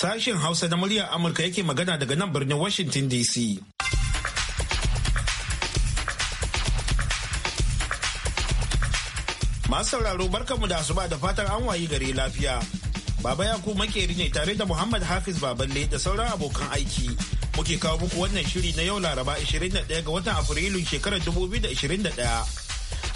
Sashen Hausa na muryar Amurka yake magana daga nan birnin Washington DC. Masu sauraro mu da asuba da fatar an wayi gari lafiya. Baba Yakubu makeri ne tare da Muhammad Hafiz Baballe da sauran abokan aiki. Muke kawo muku wannan shiri na yau Laraba 21 ga watan Afrilu shekarar 2021.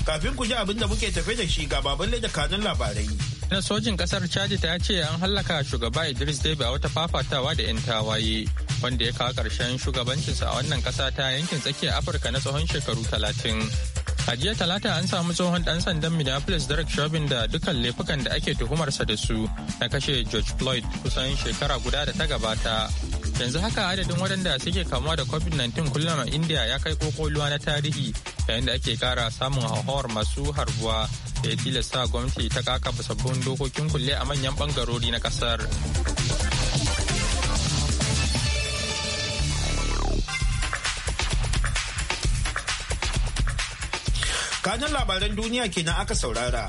Kafin ku ji abin da muke tafe da shi ga Baballe da kanun labarai. na sojin kasar chadi ta ce an hallaka shugaba idris debe a wata fafatawa da 'yan tawaye wanda ya kawo ƙarshen shugabancinsa a wannan ƙasa ta yankin tsakiyar afirka na tsawon shekaru talatin a jiya talata an samu tsohon dan sandan minneapolis derek chauvin da dukkan laifukan da ake tuhumarsa da su na kashe george floyd kusan shekara guda da ta gabata yanzu haka adadin waɗanda suke kamuwa da covid-19 kullum a india ya kai kokoluwa na tarihi yayin da ake kara samun hauhawar masu harbuwa da ya tilasta gwamnati ta kakaba sabbin dokokin kulle a manyan bangarori na kasar. kanan labaran duniya kenan aka saurara.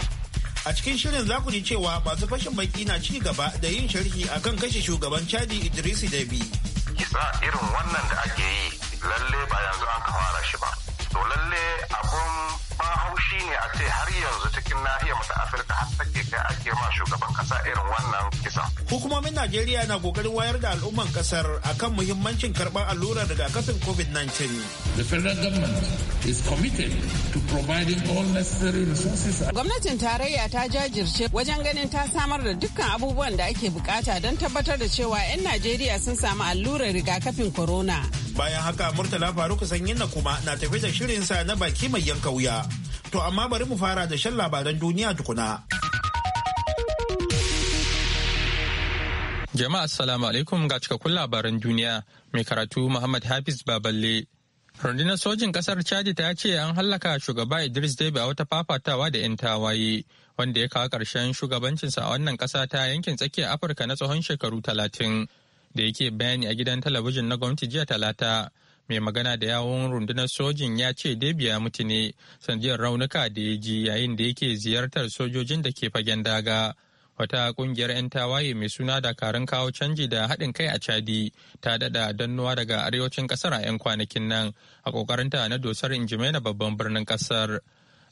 A cikin shirin za ku ji cewa masu fashin baki na ci gaba da yin sharhi akan kashe shugaban Chadi Idrisi Debi. Kisa irin wannan da ake yi lalle ba yanzu an fara shi ba. To lalle abun Mahaushi ne a ce har yanzu cikin nahiyar ta afirka har take kai ake ma shugaban kasa irin wannan kisa. hukumomin najeriya na kokarin wayar da al'umman kasar akan muhimmancin karbar allurar rigakafin covid-19 the federal government is committed to providing all necessary resources gwamnatin tarayya ta jajirce wajen ganin ta samar da dukkan abubuwan da ake bukata don tabbatar da cewa 'yan najeriya sun samu allurar rigakafin corona Bayan haka Murtala Faruk na kuma na tafi da shirinsa na baki mai yanka wuya. To amma bari mu fara da shan labaran duniya tukuna. Jama'a assalamu alaikum ga cikakkun labaran duniya mai karatu Muhammad Hafiz Baballe. Rundunar sojin kasar Chadi ta ce an hallaka shugaba Idris Deby a wata fafatawa da 'yan tawaye wanda ya kawo ƙarshen shugabancinsa a wannan ƙasa ta yankin tsakiyar Afirka na tsawon shekaru talatin. da yake bayani a gidan talabijin na gwamnati jiya talata mai magana da yawon rundunar sojin ya ce debi mutu ne sanadiyar raunuka da ya ji yayin da yake ziyartar sojojin da ke fagen daga wata kungiyar 'yan tawaye mai suna dakarun kawo canji da haɗin kai a chadi ta daɗa dannuwa daga arewacin ƙasar a 'yan kwanakin nan a ƙoƙarinta na dosar injimai na babban birnin ƙasar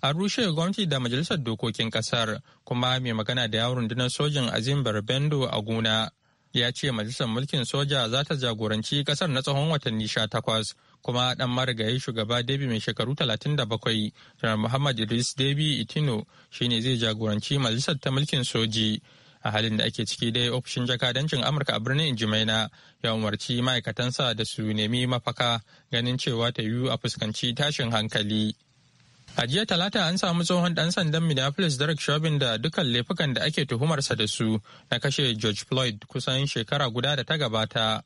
an rushe gwamnati da majalisar dokokin ƙasar kuma mai magana da yawon rundunar sojin azim barbendo a gona ya ce majalisar mulkin soja za ta jagoranci kasar na tsawon watanni sha takwas kuma dan marigayi shugaba debi mai shekaru 37 janar muhammad idris debi itino shine zai jagoranci majalisar ta mulkin soji a halin da ake ciki dai ofishin jakadancin amurka a birnin injimaina ya umarci ma'aikatansa da su nemi mafaka ganin cewa ta yiwu a fuskanci tashin hankali A jiya talata an samu tsohon dan sandan Minneapolis Derek Chauvin da dukkan laifukan da ake tuhumarsa da su na kashe George Floyd kusan shekara guda da ta gabata.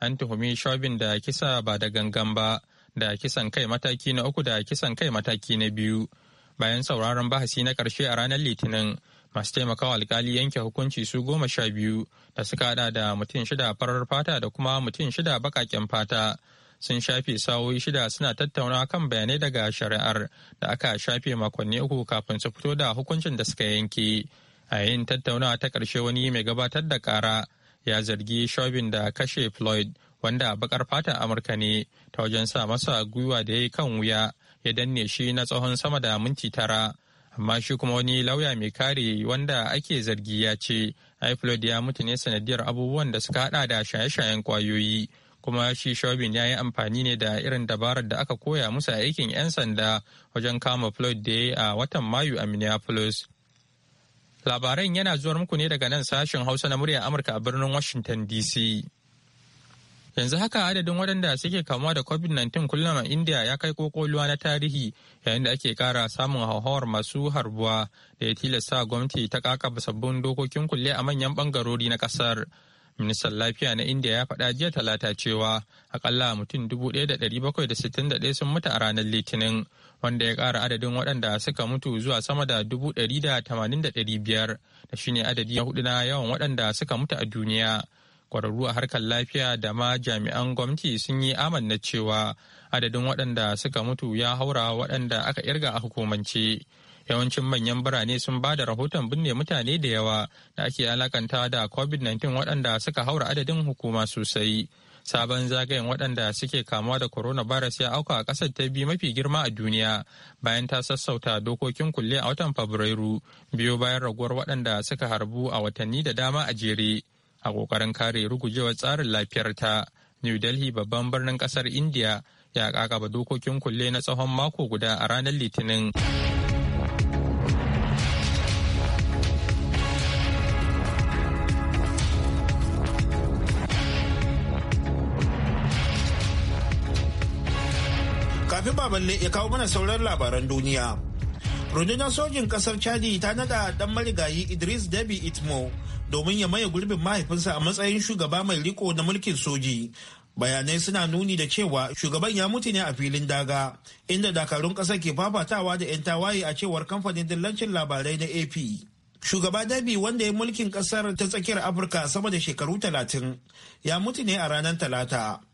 An tuhumi Chauvin da kisa ba da gangan ba, da kisan kai mataki na uku da kisan kai mataki na biyu. Bayan sauraron bahasi na karshe a ranar Litinin, masu taimakawa alkali yanke hukunci su goma sha biyu da suka hada da mutum shida farar fata da kuma mutum shida baƙaƙen fata sun shafe sawoyi shida suna tattaunawa kan bayanai daga shari'ar da aka shafe makonni uku kafin su fito da hukuncin da suka yanke a yayin tattaunawa ta karshe wani mai gabatar da kara ya zargi shobin da kashe Floyd wanda bakar fatan Amurka ne ta wajen sa masa gwiwa da ya yi kan wuya ya danne shi na tsawon sama da minti tara. Amma shi kuma wani lauya mai kare wanda ake zargi ya ce, Floyd ya mutu ne sanadiyar abubuwan da suka hada da shaye-shayen kwayoyi. kuma shi shobin ya yi amfani ne da irin dabarar da aka koya musu a aikin 'yan sanda wajen kama floyd da ya a watan mayu a minneapolis labaran yana zuwar muku ne daga nan sashen hausa na murya amurka a birnin washington dc yanzu haka adadin waɗanda suke kamuwa da covid-19 kullum a india ya kai kokoluwa na tarihi yayin da ake kara samun hauhawar masu harbuwa da ya tilasta gwamnati ta kaka sabbin dokokin kulle a manyan bangarori na ƙasar. ministan lafiya na india ya faɗa jiya talata cewa akalla mutum da 1,761 sun mutu a ranar litinin wanda ya ƙara adadin waɗanda suka mutu zuwa sama da 180,500 da shine adadi ya hudu na yawan waɗanda suka mutu a duniya kwararru a harkar lafiya da ma jami'an gwamnati sun yi amanna cewa adadin waɗanda suka mutu ya haura waɗanda aka irga a hukumance. yawancin manyan birane sun ba da rahoton binne mutane da yawa da ake alakanta da covid-19 waɗanda suka haura adadin hukuma sosai sabon zagayen waɗanda suke kamuwa da coronavirus ya auka a ƙasar ta biyu mafi girma a duniya bayan ta sassauta dokokin kulle a watan fabrairu biyo bayan raguwar waɗanda suka harbu a watanni da dama a jere a ƙoƙarin kare rugujewar tsarin lafiyarta ta new delhi babban birnin ƙasar india ya ƙaƙaba dokokin kulle na tsawon mako guda a ranar litinin baballe ya kawo mana sauran labaran duniya. Rundunar sojin kasar Chadi ta nada dan marigayi Idris Debi Itmo domin ya maye gurbin mahaifinsa a matsayin shugaba mai riko na mulkin soji. Bayanai suna nuni da cewa shugaban ya mutu ne a filin daga, inda dakarun ƙasar ke fafatawa da 'yan tawaye a cewar kamfanin dillancin labarai na AP. Shugaba Dabi wanda ya mulkin kasar ta tsakiyar Afirka sama da shekaru talatin ya mutu ne a ranar Talata.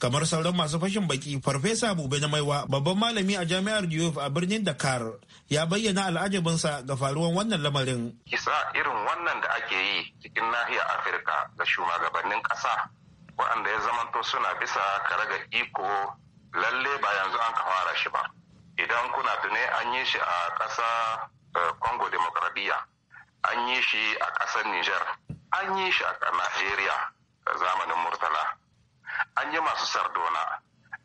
kamar sauran masu fashin baki farfesa bube na maiwa babban malami a jami'ar diof a birnin dakar ya bayyana al'ajabinsa ga faruwan wannan lamarin kisa irin wannan da ake yi cikin nahiyar afirka ga shugabannin ƙasa waɗanda ya zamanto suna bisa kare ga iko lalle ba yanzu an ka fara shi ba idan kuna tune an yi shi a ƙasa eh, congo demokradiyya an yi shi a ƙasar niger an yi shi a najeriya zamanin murtala an yi masu sardona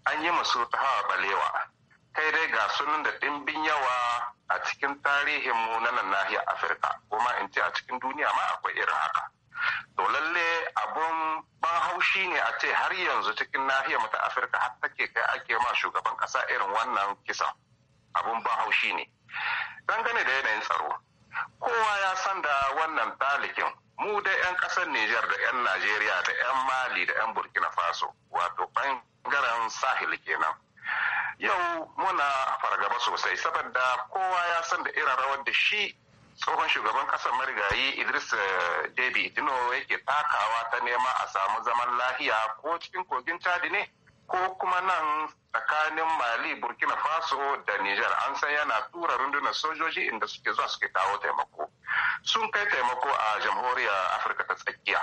an yi masu hawa balewa kai dai ga sunan da ɗimbin yawa a cikin tarihin mu na nan nahiyar afirka kuma in ce a cikin duniya ma akwai irin haka to lalle abun ban haushi ne a ce har yanzu cikin nahiyar mu ta afirka har take kai ake ma shugaban ƙasa irin wannan kisan abun ban haushi ne dangane da yanayin tsaro kowa ya san da wannan talikin mu da 'yan ƙasar Nijar da 'yan Najeriya da 'yan Mali da 'yan Burkina Faso wato ɓangaren sahil kenan. Yau muna fargaba sosai saboda kowa ya san da irin rawar da shi tsohon shugaban ƙasar marigayi Idris eh, Debi Dino yake takawa ta nema a samu zaman lahiya ko cikin kogin Chadi ne ko kuma nan tsakanin Mali Burkina Faso da Nijar an san yana tura rundunar sojoji inda suke zuwa suke kawo taimako. sun kai taimako a jamhuriyar afirka ta tsakiya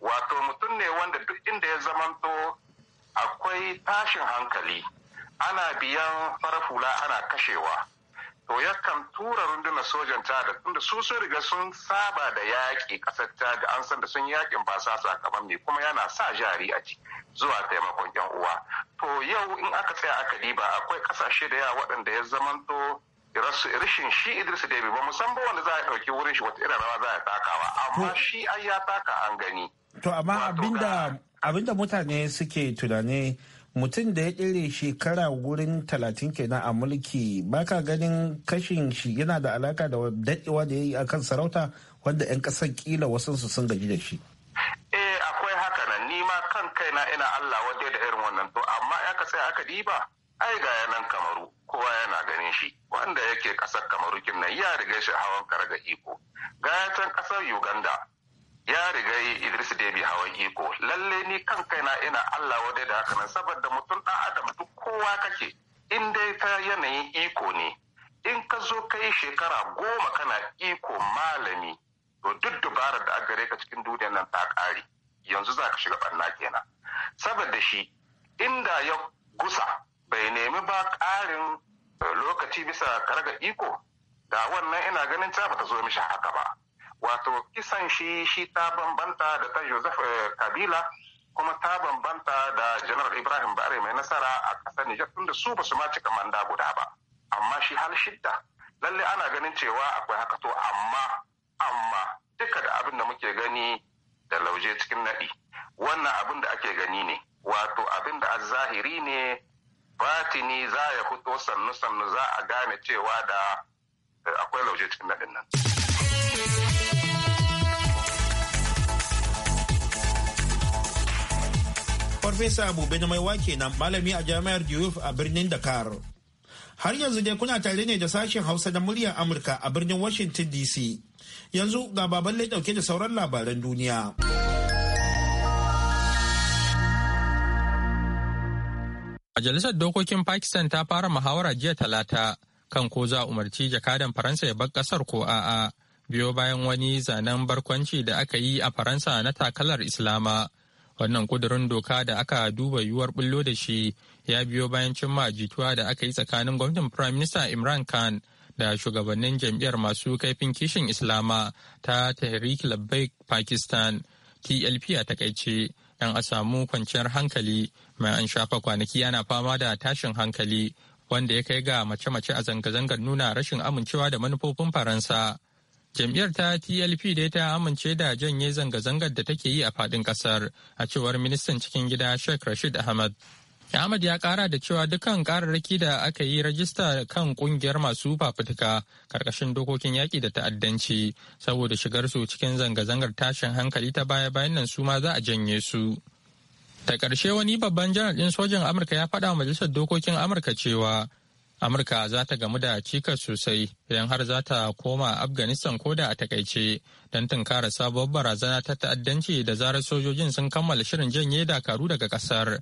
wato mutum ne wanda duk inda ya zamanto akwai tashin hankali ana biyan farafula ana kashewa to yakan tura runduna sojan tada tunda su sun riga sun saba da yaƙi ƙasar tada an san da sun yaƙin ba sa sakaman me kuma yana sa jari a ciki zuwa taimakon yan uwa to yau in aka tsaya aka diba akwai ƙasashe da yawa waɗanda ya zamanto rashin shi Idris da ba musamman wanda za a ɗauki wurin shi wata irin rawa za a taka ba amma shi ai ya taka an gani. To amma abinda abinda mutane suke tunani mutum da ya ɗire shekara wurin talatin kenan a mulki baka ganin kashin shi yana da alaka da daɗewa da ya yi akan sarauta wanda 'yan ƙasar kila wasu su sun gaji da shi. Eh akwai haka nan ni ma kan kaina ina Allah wadai da irin wannan to amma aka sai aka diba ai ga yanan kamaru kowa yana ganin shi wanda yake kasar kamarukin nan ya riga shi hawan karaga iko gayatan kasar uganda ya riga yi idris debi hawan iko lalle ni kan kai na ina allah wadai da haka nan saboda mutum dan adam duk kowa kake in dai ta yanayin iko ne in ka zo ka yi shekara goma kana iko malami to duk dubarar da aka ka cikin duniyar nan ta ƙare yanzu za ka shiga barna kenan saboda shi inda ya gusa bai nemi ba ƙarin lokaci bisa karga iko da wannan ina ganin ta bata zo mishi haka ba wato kisan shi shi ta bambanta da ta joseph eh, kabila kuma ta bambanta da general ibrahim bare mai nasara a kasar nijar tunda su basu su ma cika manda guda ba amma shi hal shidda lalle ana ganin cewa akwai haka to amma amma duka da abin da muke gani da lauje cikin nadi, wannan abin da ake gani ne wato abin da zahiri ne batini za ya sannu sannu za a gane cewa da eh, akwai lauje cikin daɗin nan. Farfesa Abu na mai wake na malami a jami'ar Diouf a birnin Dakar. Har yanzu dai kuna tare ne da sashen Hausa da muryar Amurka a birnin Washington DC. Yanzu ga baban ɗauke da sauran labaran duniya. Majalisar Dokokin Pakistan ta fara muhawara jiya talata kan ko za umarci jakadan Faransa ya bar kasar ko a'a biyo bayan wani zanen barkwanci da aka yi a Faransa na takalar Islama. Wannan kudurin doka da aka duba yiwuwar bullo da shi ya biyo bayan cimma jituwa da aka yi tsakanin gwamnatin Prime Minister Imran Khan da shugabannin jam'iyyar masu kaifin kishin Islama ta Tehreek Labbaik Pakistan TLP a takaice. don a samu kwanciyar hankali mai an shafa kwanaki yana fama da tashin hankali wanda ya kai ga mace-mace a zanga-zangar nuna rashin amincewa da manufofin faransa jam'iyyar ta tlp da ta amince da janye zanga-zangar da take yi a fadin kasar a cewar ministan cikin gida sheikh rashid ahmad Ahmad ya kara da cewa dukkan kararraki da aka yi rajista kan kungiyar masu fafutuka karkashin dokokin yaƙi da ta'addanci saboda shigar su cikin zanga-zangar tashin hankali ta baya-bayan nan su ma za a janye su. Ta ƙarshe wani babban janar ɗin sojan Amurka ya faɗa majalisar dokokin Amurka cewa Amurka za ta gamu da cikas sosai idan har za ta koma Afghanistan ko da a takaice don tunkara sabuwar barazana ta ta'addanci da zarar sojojin sun kammala shirin janye dakaru daga ƙasar.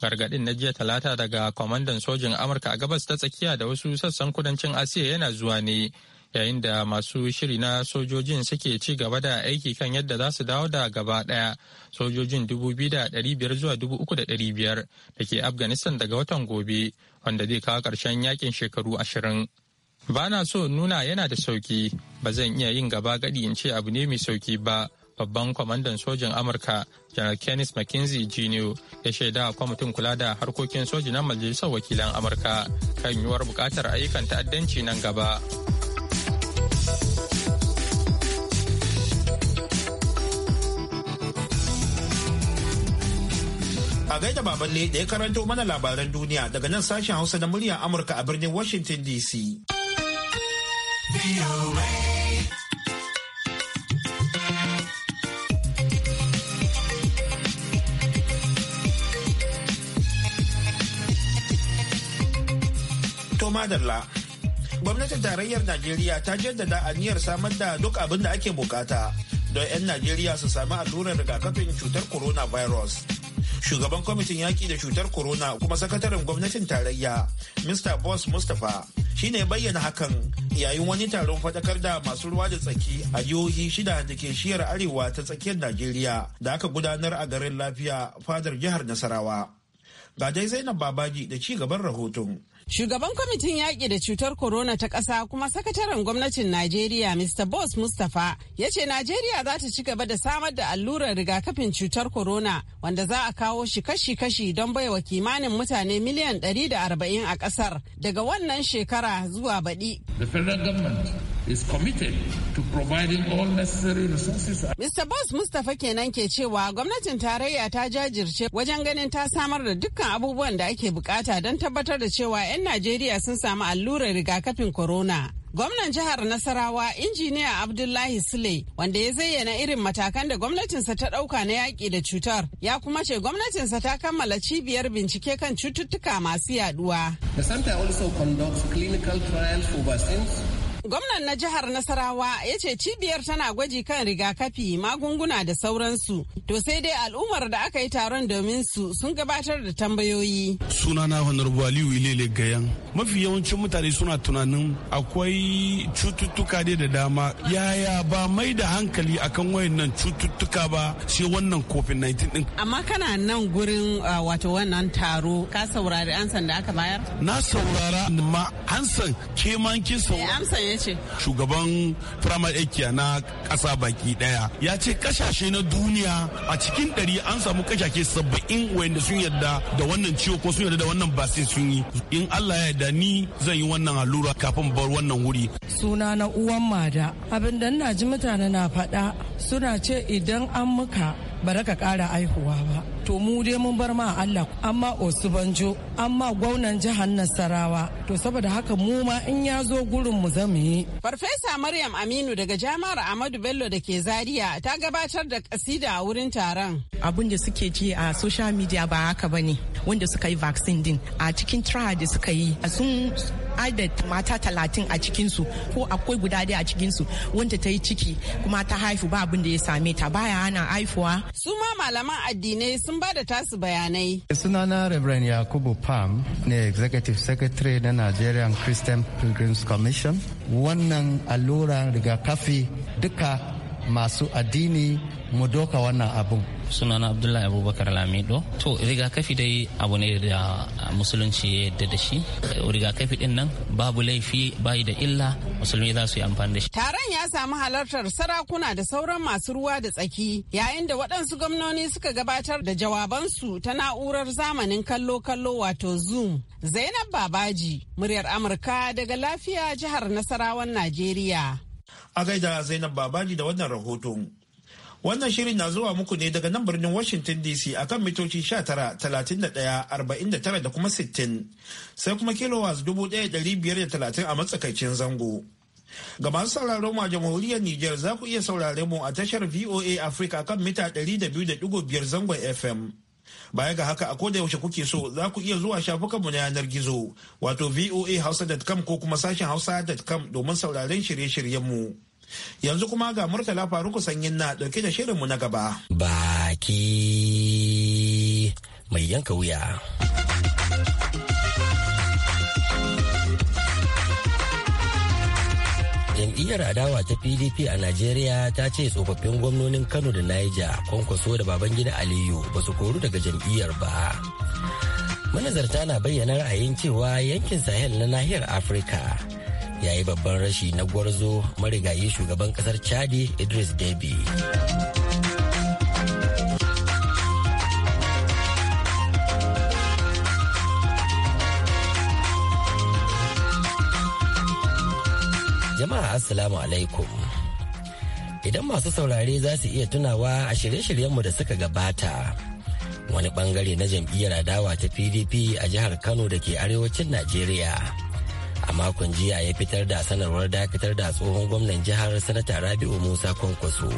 gargaɗin na jiya talata daga kwamandan sojin amurka a gabas ta tsakiya da wasu sassan kudancin asiya yana zuwa ne yayin da masu shiri na sojojin suke ci gaba da aiki kan yadda za su dawo da gaba ɗaya sojojin biyar zuwa dubu 3,500 da biyar da ke afghanistan daga watan gobe wanda zai kawo ƙarshen yakin shekaru ashirin. ba na so nuna yana da sauki ba zan iya yin gaba gadi in ce abu ne mai sauki ba babban kwamandan sojin amurka janar kenneth mckinsey jr ya shaida a kwamitin kula da harkokin soji na majalisar wakilan amurka kan yiwuwar bukatar ayyukan ta'addanci nan gaba a gaida baballe da ya karanto mana labaran duniya daga nan sashen hausa da murya amurka a birnin washington dc madalla. Gwamnatin tarayyar Najeriya ta jaddada aniyar samar da duk abin da ake bukata don 'yan Najeriya su sami allurar rigakafin cutar coronavirus. Shugaban kwamitin yaƙi da cutar corona kuma sakataren gwamnatin tarayya, Mr. Boss Mustapha, shi ne bayyana hakan yayin wani taron fadakar da masu ruwa da tsaki a jihohi shida da ke shiyar arewa ta tsakiyar Najeriya da aka gudanar a garin lafiya fadar jihar Nasarawa. Ga dai Zainab Babaji da ci gaban rahoton. Shugaban kwamitin yaƙi da cutar corona ta ƙasa kuma sakataren gwamnatin Najeriya Mr. Boss Mustapha ya ce Najeriya za ta ci gaba da samar da allurar rigakafin cutar corona wanda za a kawo shi kashi-kashi don baiwa kimanin mutane miliyan 140 a ƙasar daga wannan shekara zuwa baɗi. The federal government is committed to providing all necessary resources. Mr. Boss Mustapha kenan ke cewa gwamnatin tarayya ta jajirce wajen ganin ta samar da dukkan abubuwan da ake bukata don tabbatar da cewa 'yan Najeriya sun samu allurar rigakafin corona. Gwamnan jihar Nasarawa, injiniya Abdullahi Sule, wanda ya zayyana irin matakan da gwamnatinsa ta ɗauka na yaƙi da cutar, ya kuma ce gwamnatinsa ta kammala cibiyar bincike kan cututtuka masu yaduwa. The center also conducts clinical trials for vaccines Gwamnan na jihar Nasarawa ya ce cibiyar tana gwaji kan rigakafi magunguna da sauransu. To sai dai al'ummar da aka yi taron domin su sun gabatar da tambayoyi. suna na Honorable Aliyu Ilele Gayan. Mafi yawancin mutane suna tunanin akwai cututtuka dai da dama. Yaya ba mai da hankali akan wayannan cututtuka ba sai wannan COVID-19 din. Amma kana nan gurin wato wannan taro ka saurari ansan da aka bayar? Na saurara amma ansan ke man kin saurara. Eh, amsan ce shugaban firamare ekiya na ƙasa baki ɗaya ya ce kasashe na duniya a cikin ɗari an samu kasashe saba'in wanda sun yarda da wannan ciwo ko sun yarda da wannan ba sun yi in allah ya yarda ni zan yi wannan allura kafin bar wannan wuri suna na uwan mada abin da na ji mutane na faɗa suna ce idan an muka ba ka kara aihuwa ba to mu dai mun bar ma Allah amma Osubanjo amma gwaunan jihar Nasarawa to saboda haka mu ma in ya zo gurin mu zama yi Farfesa Maryam Aminu daga Jami'ar Ahmadu Bello da ke Zaria ta gabatar da kasida a wurin taron abin da suke ji a social media ba haka bane wanda suka yi vaccine din a cikin trial da suka yi sun adad mata talatin a cikinsu ko akwai guda daya a cikinsu wanda ta yi ciki kuma ta haifu ba abin da ya same ta baya hana haifuwa. su ma malaman addinai sun an ba da tasu bayanai. Sunana Reverend Yakubu Pam ne Executive Secretary na Nigerian Christian Pilgrims Commission. Wannan alluran rigakafi duka masu addini mu doka wannan abun sunana abdullahi abubakar lamido to rigakafi dai abu ne da musulunci ya yadda da shi rigakafi din nan babu laifi bayi da illa musulmi za su yi amfani da shi taron ya samu halartar sarakuna da sauran masu ruwa da tsaki yayin da waɗansu gwamnoni suka gabatar da jawabansu ta na'urar zamanin kallo-kallo wato zoom zainab babaji muryar amurka daga lafiya jihar nasarawan najeriya A gaida Zainab Babaji da wannan rahoto Wannan shirin na zuwa muku ne daga nan birnin Washington DC akan mitoci 19, da kuma 60. Sai kuma kilowatts 1530 a matsakaicin zango. Ga masu sauraron ma jamhuriyar Nijar za ku iya saurare mu a tashar VOA Africa kan mita 200.5 zangon FM. Baya ga haka a koda yaushe kuke so za ku iya zuwa shafukan mu na yanar gizo wato voahausa.com ko kuma sashen hausa.com domin sauraren shirye shiryen mu Yanzu kuma ga Murtala Faruku Sanyin na dauke da shirinmu na gaba. Baki mai yanka wuya. jam'iyyar adawa ta pdp a najeriya ta ce tsofaffin gwamnonin kano da niger kwankwaso da babangida aliyu ba su koru daga jam'iyyar ba manazarta na bayyana ra'ayin cewa yankin sahel na nahiyar afirka ya yi babban rashi na gwarzo marigayi shugaban kasar chadi idris debi Jama'a Assalamu alaikum. Idan masu saurare za su iya tunawa a shirye-shiryenmu da suka gabata. Wani bangare na jam'iyyar adawa ta PDP a jihar Kano da ke arewacin Najeriya. A makon jiya ya fitar da sanarwar dakatar da tsohon gwamnan jihar Sanata Rabi'u Musa Kwankwaso.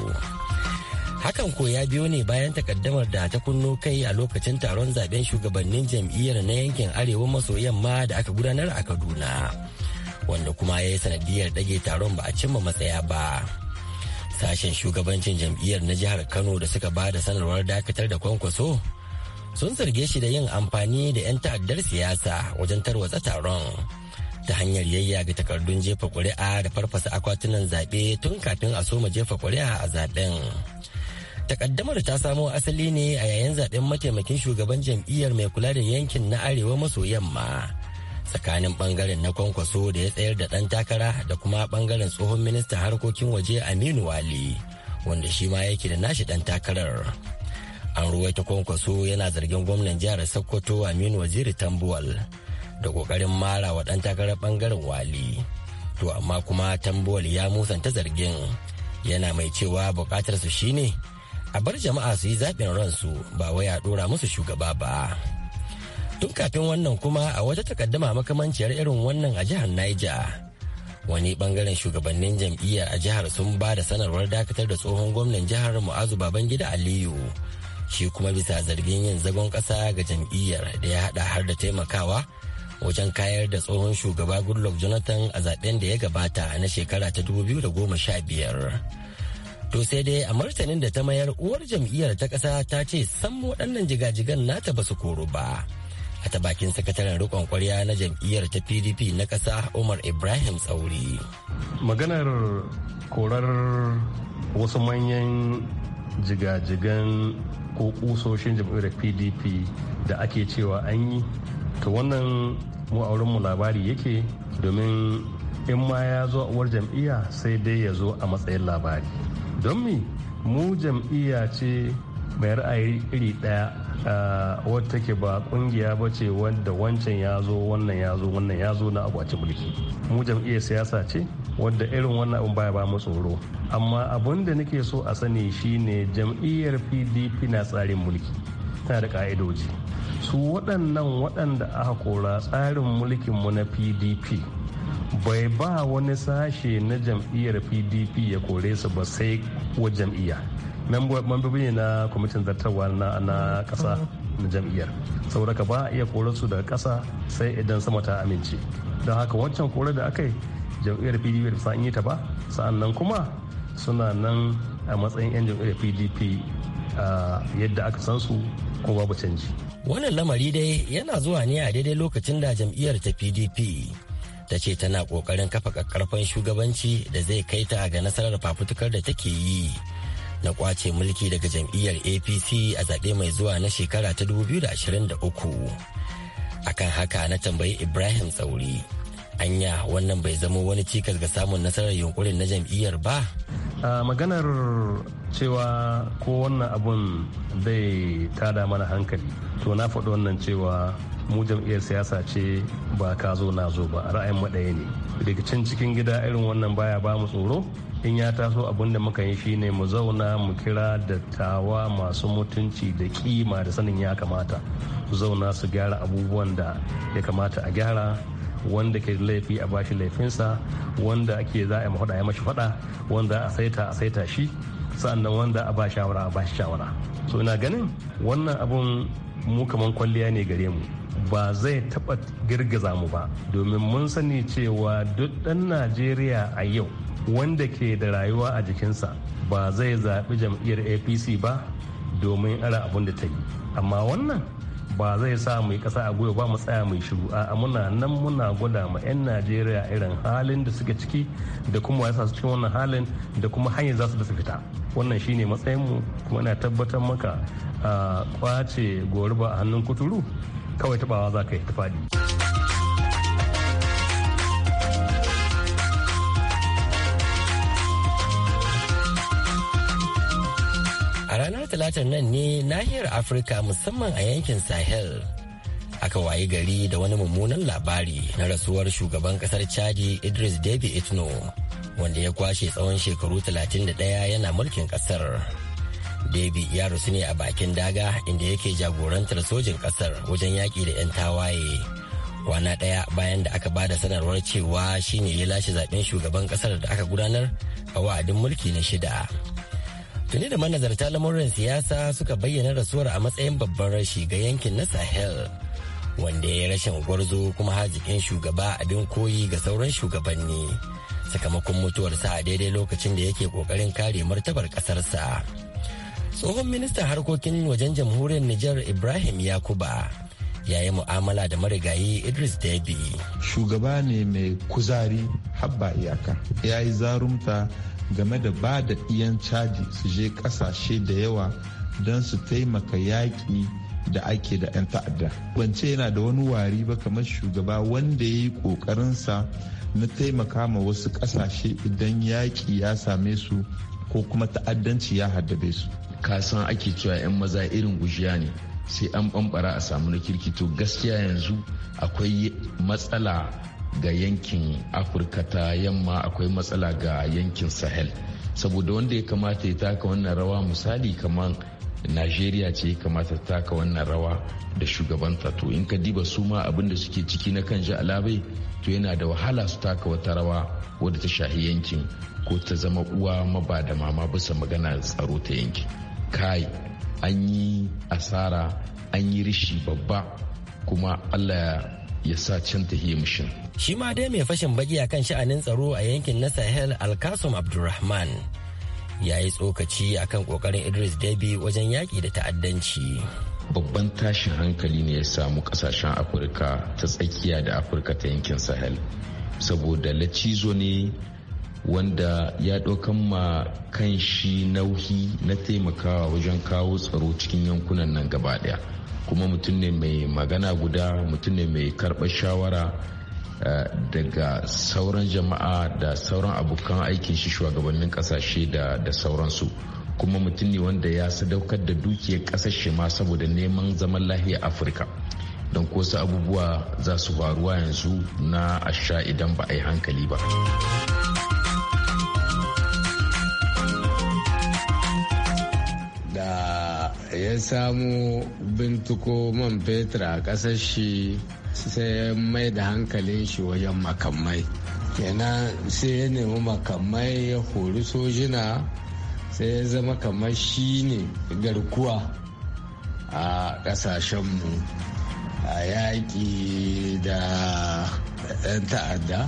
hakan ko ya biyo ne bayan takaddamar da ta kunno kai a lokacin taron zaben shugabannin jam'iyyar na yankin arewa maso yamma da aka gudanar a kaduna wanda kuma ya yi sanadiyar ɗage taron ba a cimma matsaya ba sashen shugabancin jam'iyyar na jihar kano da suka ba da sanarwar dakatar da kwankwaso sun zarge shi da yin amfani da 'yan ta'addar siyasa wajen tarwatsa taron ta hanyar yayya ga takardun jefa ƙuri'a da farfasa akwatunan zaɓe tun kafin a soma jefa ƙuri'a a zaɓen takaddamar ta samo asali ne a yayin zaɓen mataimakin shugaban jam'iyyar mai kula da yankin na arewa maso yamma tsakanin bangaren na kwankwaso da ya tsayar da ɗan takara da kuma bangaren tsohon ministan harkokin waje aminu wali wanda shi ma yake da nashi ɗan takarar an ruwaita kwankwaso yana zargin gwamnan jihar sokoto aminu waziri tambuwal da kokarin mara wa ɗan takarar bangaren wali to amma kuma tambuwal ya musanta zargin yana mai cewa bukatar su shine a bar jama'a su yi zaɓin ransu ba wai a ɗora musu shugaba ba. Tun kafin wannan kuma a wata takaddama makamanciyar irin wannan a jihar Niger. Wani bangaren shugabannin jam'iyyar a jihar sun ba da sanarwar dakatar da tsohon gwamnan jihar Mu'azu Babangida Aliyu. Shi kuma bisa zargin yin zagon kasa ga jam'iyyar da ya hada har da taimakawa wajen kayar da tsohon shugaba Goodluck Jonathan a zaben da ya gabata na shekara ta da goma sha biyar. To sai dai a martanin da ta mayar uwar jam'iyyar ta kasa ta ce san waɗannan jigajigan nata ba su koro ba. a ta bakin sakataren rikon kwarya na jam'iyyar ta pdp na kasa umar ibrahim tsauri maganar korar wasu manyan jigajigan ko kusoshin jam'iyyar pdp da ake cewa an yi ta wannan mu a mu labari yake domin in ma ya zo a uwar jam'iyya sai dai ya zo a matsayin labari don mu jam'iyya ce mai ra'ayi iri ɗaya Eh, wata take ba kungiya ba ce wadda wancan ya zo wannan ya zo wannan ya zo na akwaci mulki mu jam'iyyar siyasa ce wadda irin wannan abin baya ba mu tsoro amma abin da nake so a sani shine jam'iyyar pdp na tsarin mulki tana da ka'idoji su waɗannan waɗanda aka kora tsarin mulkin mu na pdp bai ba wani sashe na jam'iyyar pdp ya kore su ba sai wa jam'iyya membobi ne na kwamitin zartarwa na kasa na jam'iyyar saboda ka ba a iya korar su daga kasa sai idan sama ta amince don haka wancan korar da aka yi jam'iyyar pdp da sa'an yi ta ba sa'an nan kuma suna nan a matsayin 'yan jam'iyyar pdp yadda aka san su ko babu canji wannan lamari dai yana zuwa ne a daidai lokacin da jam'iyyar ta pdp ta ce tana kokarin kafa kakkarfan shugabanci da zai kai ta ga nasarar fafutukar da take yi na kwace mulki daga jam'iyyar apc a zaɓe mai zuwa na shekara ta 2023 akan haka na tambayi ibrahim tsauri anya wannan bai zama wani cikas ga samun nasarar yunkurin na jam'iyyar ba maganar cewa ko wannan abun zai tada mana hankali to na faɗi wannan cewa mu jam'iyyar siyasa ce ba ka zo na zo ba ra'ayin maɗaya ne rikicin cikin gida irin wannan baya ba mu tsoro in ya taso abun da muka yi shine mu zauna mu kira dattawa masu mutunci da kima da sanin ya kamata su zauna su gyara abubuwan da ya kamata a gyara wanda ke laifi a bashi laifinsa wanda ake za a yi mashi faɗa wanda a saita a saita shi sa'annan wanda a ba shawara a ba shawara so ina ganin wannan abun mu kaman kwalliya ne gare mu ba zai taɓa girgiza mu ba domin mun sani cewa duk ɗan najeriya a yau wanda ke da rayuwa a jikinsa ba zai zaɓi jam'iyyar apc ba domin ara abin da ta yi amma wannan ba zai sa mu yi ƙasa a gwiwa ba mu tsaya mai shiru a muna nan muna gwada ma 'yan najeriya irin halin da suke ciki da kuma ya su cikin wannan halin da kuma hanyar za su da su fita wannan shine matsayinmu kuma na tabbatar maka kwace goruba a hannun kuturu kawai tabawa za ka yi ta A ranar talatar nan ne nahiyar Afirka musamman a yankin Sahel. Aka wayi gari da wani mummunan labari na rasuwar shugaban kasar Chadi Idris Deby Itno wanda ya kwashe tsawon shekaru 31 yana mulkin kasar. Debi ya rusu ne a bakin daga inda yake jagorantar sojin kasar wajen yaƙi da 'yan tawaye. Kwana ɗaya bayan da aka bada sanarwar cewa shine ya lashe zaɓen shugaban kasar da aka gudanar a wa'adin mulki na shida. Tuni da manazarta lamurin siyasa suka bayyana rasuwar a matsayin babban rashi ga yankin na Sahel. Wanda ya rashin gwarzo kuma hazikin shugaba abin koyi ga sauran shugabanni. Sakamakon mutuwarsa a daidai lokacin da yake kokarin kare martabar ƙasarsa. tsohon ministan harkokin wajen jamhuriyar Nijar Ibrahim Yakuba ya yi mu'amala da marigayi Idris debi. Shugaba ne mai kuzari habba iyaka, ya yi zarumta game da ba da iyan caji su je kasashe da yawa don su taimaka yaƙi da ake da 'yan ta'adda. Bance yana da wani wari ba kamar shugaba wanda ya yi ƙoƙarinsa na taimaka ma wasu ƙasashe idan yaƙi ya same su ko kuma ta'addanci ya haddabe su. ka san ake cewa 'yan maza irin gujiya ne sai an bambara a samu na kirkito gaskiya yanzu akwai matsala ga yankin afirka ta yamma akwai matsala ga yankin sahel saboda wanda ya kamata ya taka wannan rawa misali kamar najeriya ce ya kamata ta taka wannan rawa da shugabanta to in ka diba su ma abin da suke ciki na kan alabai to yana da wahala su taka wata rawa wadda ta shahi yankin ko ta zama uwa ba da mama bisa magana tsaro ta yankin kai an yi asara an yi rishi babba kuma allah ya sa can ta mushin. shi ma dai mai fashin baki kan sha'anin tsaro a yankin na sahel alkasum abdulrahman ya yi tsokaci akan kokarin idris debi wajen yaƙi da ta'addanci babban tashin hankali ne ya samu kasashen afirka ta tsakiya da afirka ta yankin sahel saboda lacizo ne wanda ya ɗaukan ma kan shi nauhi na taimakawa wajen kawo tsaro cikin yankunan nan gaba ɗaya kuma mutum ne mai magana guda mutum ne mai karɓar shawara eh, daga sauran jama'a da sauran abokan aikin shi shugabannin ƙasashe da sauransu kuma mutum ne wanda ya sadaukar da dukiyar ƙasashe ma saboda neman zaman lahiyar afirka don ko su abubuwa za su faruwa yanzu na asha idan ba a yi hankali ba. ya samu bintuko man fetur a ƙasar shi sai mai da hankalin shi wajen makamai kenan sai ya nemi makamai ya hori sojina sai ya zama kamar shi ne garkuwa a mu a yaƙi da 'yan ta'adda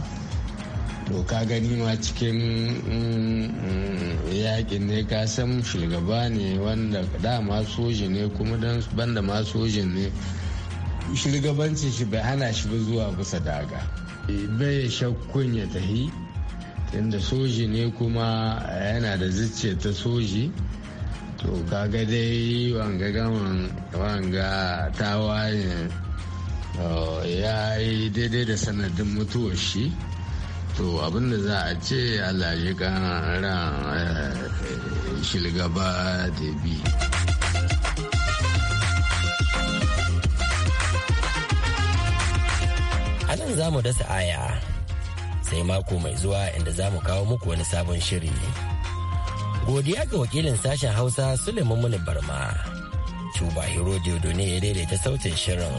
to ka gani ma cikin mm, mm, yakin ne ka san shugaba ne wanda dama soji ne kuma dan banda ma sojin ne shugabancin shi bai hana shi ba zuwa bisa daga bai shakkun ya tahi inda soji ne kuma yana da zuciya ta soji to kaga dai wanga gaman wanga tawayen oh, ya yi daidai da sanadin mutuwar shi to abin da za a ce allah shi kan ran eh, shilgaba da bi a nan za mu dasa aya sai mako mai zuwa inda za mu kawo muku wani sabon shiri godiya ga wakilin sashen hausa suleiman muni barma tuba hero ne ya daidaita sautin shirin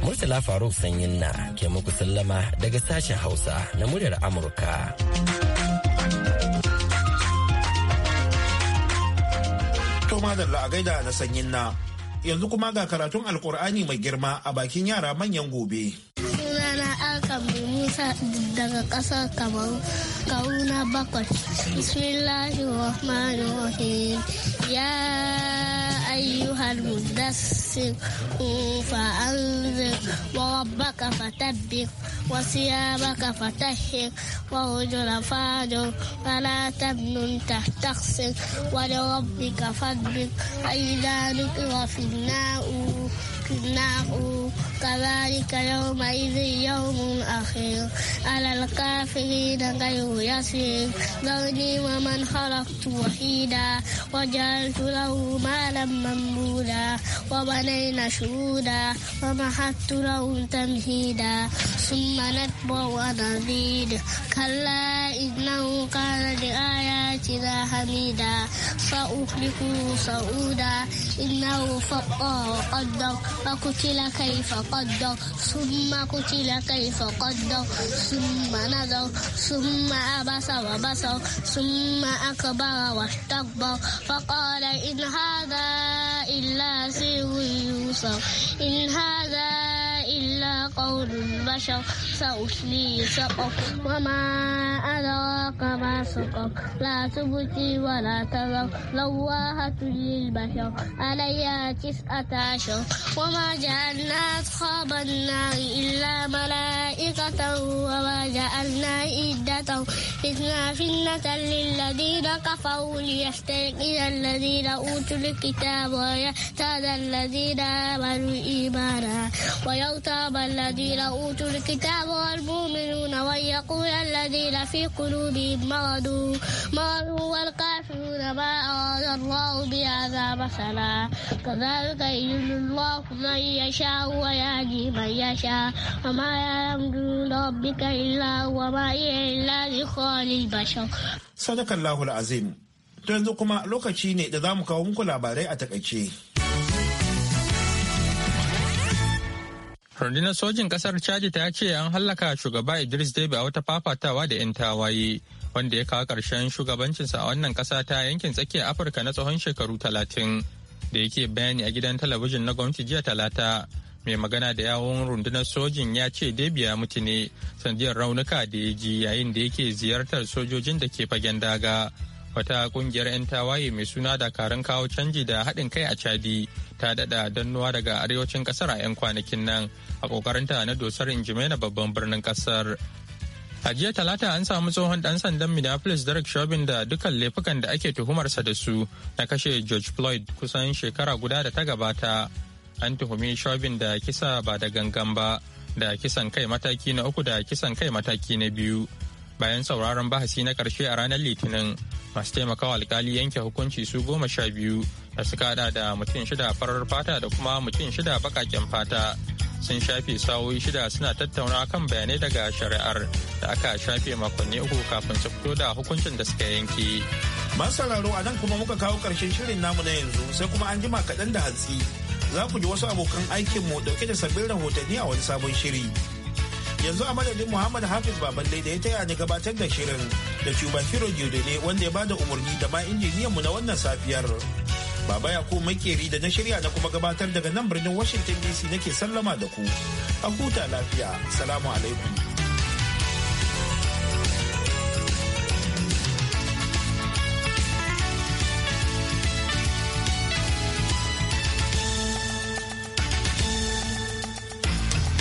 Murtala Faruk Sanyin na ke muku sallama daga sashen Hausa na muryar Amurka. To da a gaida na sanyin na yanzu kuma ga karatun alkur'ani mai girma a bakin yara manyan gobe. Sunana Alkabu Musa daga ƙasar Kamaru, Bakwai. أيها المدثر فأنذر وربك فتبك وثيابك فتهر والرجل فاجر فلا تمنن تستخسر ولربك فاصبر فإذا نقر في النار في النار كذلك يومئذ يوم أخير على الكافرين غير يسير ذرني ومن خلقت وحيدا وجعلت له مالا ممدودا وبنينا شهودا ومحدت له تمهيدا ثم نتبع ونزيد كلا إنه كان لآياتنا حميدا سأخلقه سعودا إنه فقى وقدر فقتل كيف قدر ثم قتل كيف قدر ثم نظر ثم عبس وبصر ثم أكبر واستكبر فقال إن هذا إلا سر يوسف إن هذا قول البشر سأصليه سقر وما أدراك ما سقر لا تبكي ولا تذر لواهة للبشر عليها تسعة عشر وما جعلنا أصحاب النار إلا ملائكة وما جعلنا جعلنا عدة فتنة فتنة للذين كفروا ليستيقن الذين أوتوا الكتاب ويزداد الذين آمنوا إيمانا ويغتاب الذين أوتوا الكتاب والمؤمنون ويقول الذين في قلوبهم مرض مرض والكافرون ما أراد الله بهذا مثلا كذلك يجل الله من يشاء ويهدي من يشاء وما يعلم ربك إلا هو وما إلا ذكرى للبشر صدق الله العظيم to yanzu kuma lokaci ne da za mu kawo muku labarai a takaice. rundunar sojin kasar Chad ta ce an hallaka shugaba idris debe a wata fafatawa da 'yan tawaye wanda ya kawo ƙarshen shugabancinsa a wannan ƙasa ta yankin tsakiyar afirka na tsawon shekaru talatin da yake bayani a gidan talabijin na gwamnati jiya talata mai magana da yawon rundunar sojin ya ce debiya mutu ne sanadiyar raunuka da ya ji yayin da yake ziyartar sojojin da ke fagen daga wata kungiyar 'yan tawaye mai suna dakarun kawo canji da haɗin kai a chadi ta daɗa dannuwa daga arewacin ƙasar a 'yan kwanakin nan a ta na dosar injimena babban birnin ƙasar A jiya talata an samu tsohon ɗan sandan Minneapolis Derek Chauvin da dukkan laifukan da ake tuhumarsa da su na kashe George Floyd kusan shekara guda da ta gabata an tuhumi shobin da kisa ba da gangan ba da kisan kai mataki na uku da kisan kai mataki na biyu bayan sauraron bahasi na karshe a ranar litinin masu taimakawa alkali yanke hukunci su goma sha biyu da suka hada da mutum shida farar fata da kuma mutum shida bakaken fata sun shafe sawoyi shida suna tattauna kan bayanai daga shari'ar da aka shafe makonni uku kafin su fito da hukuncin da suka yanke. masu sauraro a nan kuma muka kawo karshen shirin namu na yanzu sai kuma an jima kaɗan da hatsi za ku ji wasu abokan aikinmu dauke da sabbin rahotanni a wani sabon shiri. Yanzu a madadin Muhammad Hafiz Baballe da ya taya ni gabatar da shirin da Cuba Hiro ne wanda ya bada umarni da ma injiniyan mu na wannan safiyar. Baba Yakubu Makeri da na shirya na kuma gabatar daga nan birnin Washington DC nake sallama da ku. A huta lafiya. Salamu alaikum.